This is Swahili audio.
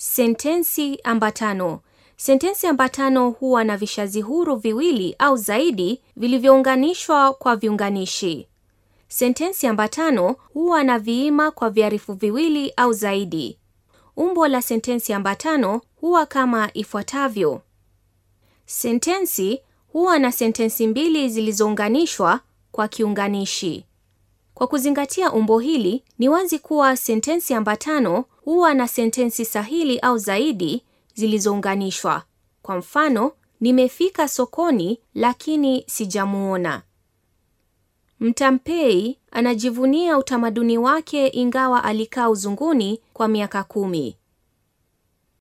Sentensi ambatano. Sentensi ambatano huwa na vishazi huru viwili au zaidi vilivyounganishwa kwa viunganishi. Sentensi ambatano huwa na viima kwa viarifu viwili au zaidi. Umbo la sentensi ambatano huwa kama ifuatavyo: sentensi huwa na sentensi mbili zilizounganishwa kwa kiunganishi. Kwa kuzingatia umbo hili, ni wazi kuwa sentensi ambatano huwa na sentensi sahili au zaidi zilizounganishwa. Kwa mfano, nimefika sokoni lakini sijamuona. Mtampei anajivunia utamaduni wake ingawa alikaa uzunguni kwa miaka kumi.